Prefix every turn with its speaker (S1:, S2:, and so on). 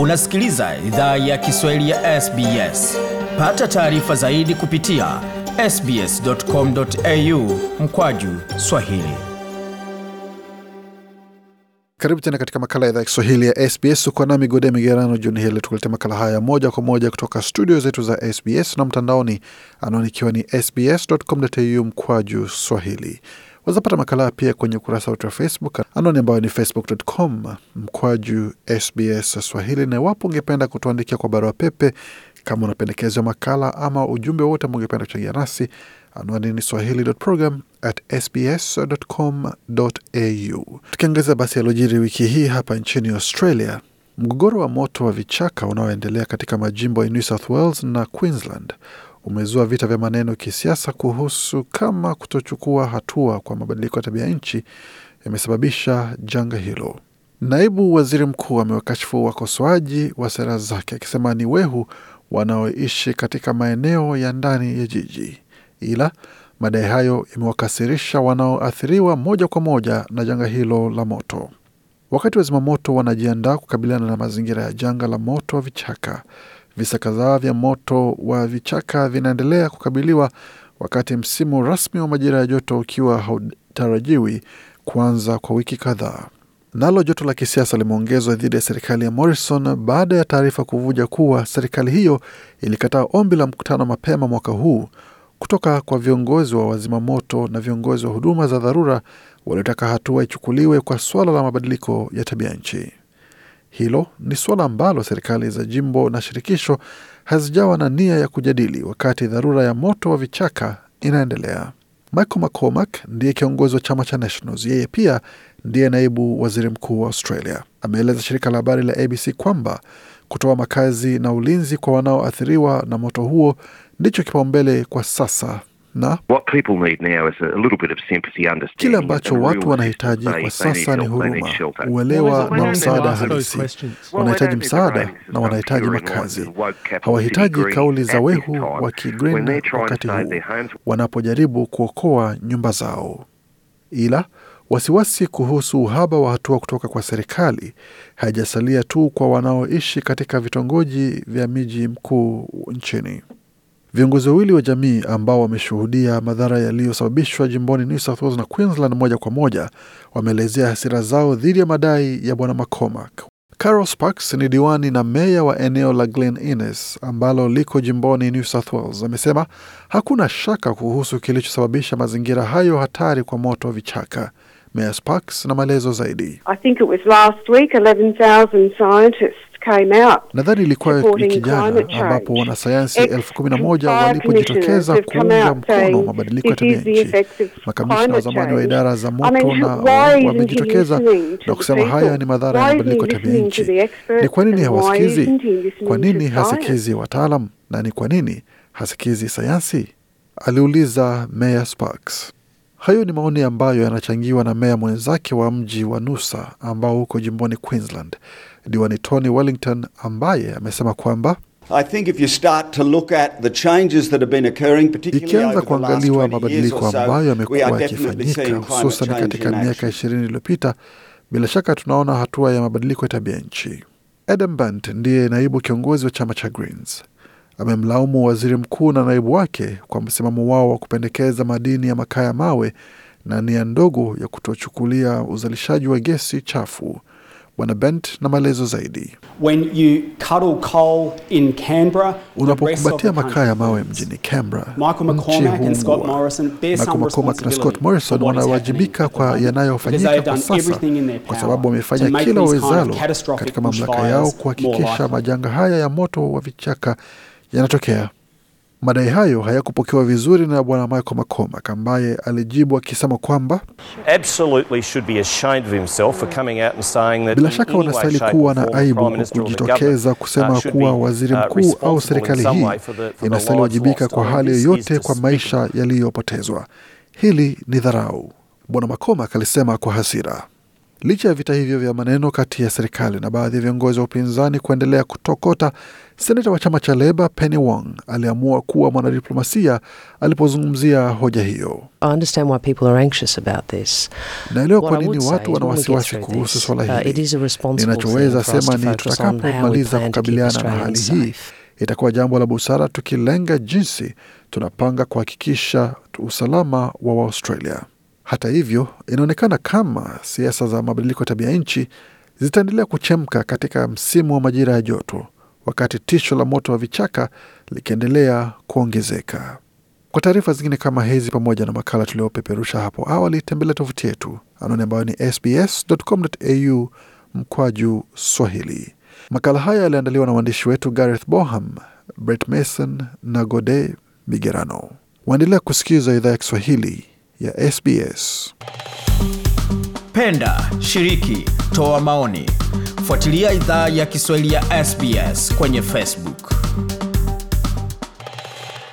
S1: Unasikiliza idhaa ya Kiswahili ya SBS. Pata taarifa zaidi kupitia sbs.com.au mkwaju swahili. Karibu tena katika makala ya idhaa ya Kiswahili ya SBS. Uko nami Gode Migerano juni hili, tukulete makala haya moja kwa moja kutoka studio zetu za SBS na mtandaoni, anaonikiwa ni sbs.com.au mkwaju swahili. Wazapata makala pia kwenye ukurasa wetu wa Facebook, anwani ambayo ni facebook.com mkwaju SBS Swahili. Na iwapo ungependa kutuandikia kwa barua pepe, kama unapendekezwa makala ama ujumbe wote ambao ungependa kuchangia nasi, anwani ni swahili.program@sbs.com.au. Tukiangazia basi yalojiri wiki hii hapa nchini Australia, mgogoro wa moto wa vichaka unaoendelea katika majimbo ya New South Wales na Queensland umezua vita vya maneno kisiasa kuhusu kama kutochukua hatua kwa mabadiliko ya tabia nchi yamesababisha janga hilo. Naibu waziri mkuu amewakashifu wakosoaji wa sera zake akisema ni wehu wanaoishi katika maeneo ya ndani ya jiji, ila madai hayo yamewakasirisha wanaoathiriwa moja kwa moja na janga hilo la moto. Wakati wa zimamoto wanajiandaa kukabiliana na mazingira ya janga la moto wa vichaka, Visa kadhaa vya moto wa vichaka vinaendelea kukabiliwa wakati msimu rasmi wa majira ya joto ukiwa hautarajiwi kuanza kwa wiki kadhaa. Nalo joto la kisiasa limeongezwa dhidi ya serikali ya Morrison baada ya taarifa kuvuja kuwa serikali hiyo ilikataa ombi la mkutano mapema mwaka huu kutoka kwa viongozi wa wazimamoto na viongozi wa huduma za dharura waliotaka hatua ichukuliwe kwa suala la mabadiliko ya tabia nchi. Hilo ni suala ambalo serikali za jimbo na shirikisho hazijawa na nia ya kujadili wakati dharura ya moto wa vichaka inaendelea. Michael McCormack ndiye kiongozi wa chama cha Nationals. Yeye pia ndiye naibu waziri mkuu wa Australia. Ameeleza shirika la habari la ABC kwamba kutoa makazi na ulinzi kwa wanaoathiriwa na moto huo ndicho kipaumbele kwa sasa na kile ambacho watu wanahitaji kwa sasa ni huruma, uelewa na msaada halisi. Wanahitaji msaada na wanahitaji makazi. Hawahitaji kauli za wehu wa Kigreen wakati huu wanapojaribu kuokoa nyumba zao, ila wasiwasi kuhusu uhaba wa hatua kutoka kwa serikali haijasalia tu kwa wanaoishi katika vitongoji vya miji mkuu nchini. Viongozi wawili wa jamii ambao wameshuhudia madhara yaliyosababishwa jimboni New South Wales na Queensland moja kwa moja wameelezea hasira zao dhidi ya madai ya bwana McCormack. Carol Sparks ni diwani na meya wa eneo la Glen Innes ambalo liko jimboni New South Wales. Amesema hakuna shaka kuhusu kilichosababisha mazingira hayo hatari kwa moto wa vichaka. Meya Sparks na maelezo zaidi. I think it was last week, 11,000 scientists Nadhani ilikuwa wiki jana ambapo wanasayansi elfu kumi na moja walipojitokeza kuunga mkono mabadiliko ya tabia nchi. Makamishna wa zamani wa idara za moto na wamejitokeza na kusema haya ni madhara ya mabadiliko ya tabia nchi. Ni kwa nini hawasikizi? Kwa nini hasikizi wataalam na ni kwa nini hasikizi sayansi? aliuliza Meya Sparks. Hayo ni maoni ambayo yanachangiwa na meya mwenzake wa mji wa Noosa ambao uko jimboni Queensland, diwani Tony Wellington, ambaye amesema kwamba ikianza kuangaliwa mabadiliko ambayo yamekuwa yakifanyika hususan katika miaka ishirini iliyopita, bila shaka tunaona hatua ya mabadiliko ya tabia nchi. Adam Bant ndiye naibu kiongozi wa chama cha Greens amemlaumu waziri mkuu na naibu wake kwa msimamo wao wa kupendekeza madini ya makaa ya mawe na nia ndogo ya kutochukulia uzalishaji wa gesi chafu. Bwana Bent na maelezo zaidi. Unapokumbatia makaa ya mawe mjini Canberra, nchi huungua. McCormack na Scott Morrison wanawajibika kwa yanayofanyika kwa sasa, kwa sababu wamefanya kila wawezalo katika mamlaka yao kuhakikisha majanga haya ya moto wa vichaka yanatokea. Madai hayo hayakupokewa vizuri na Bwana Michael McCormack ambaye alijibu akisema kwamba bila shaka wanastahili kuwa na aibu kwa kujitokeza uh, kusema kuwa waziri uh, mkuu au serikali hii inastahili wajibika kwa hali yoyote kwa maisha yaliyopotezwa. Hili ni dharau, Bwana McCormack alisema kwa hasira. Licha ya vita hivyo vya maneno kati ya serikali na baadhi ya viongozi wa upinzani kuendelea kutokota, seneta wa chama cha Leba Penny Wong aliamua kuwa mwanadiplomasia alipozungumzia hoja hiyo. Naelewa kwa nini watu wana wasiwasi kuhusu swala uh, hili. Ninachoweza sema ni tutakapomaliza kukabiliana na hali hii itakuwa jambo la busara tukilenga jinsi tunapanga kuhakikisha usalama wa Waustralia. Hata hivyo, inaonekana kama siasa za mabadiliko ya tabia nchi zitaendelea kuchemka katika msimu wa majira ya joto, wakati tisho la moto wa vichaka likiendelea kuongezeka. Kwa taarifa zingine kama hizi pamoja na makala tuliopeperusha hapo awali, tembelea tovuti yetu anwani ambayo ni sbs.com.au mkwaju Swahili. Makala haya yaliandaliwa na waandishi wetu Gareth Boham, Brett Mason na Gode Migerano. Waendelea kusikiza idhaa ya Kiswahili ya SBS. Penda, shiriki, toa maoni. Fuatilia idhaa ya Kiswahili ya SBS kwenye Facebook.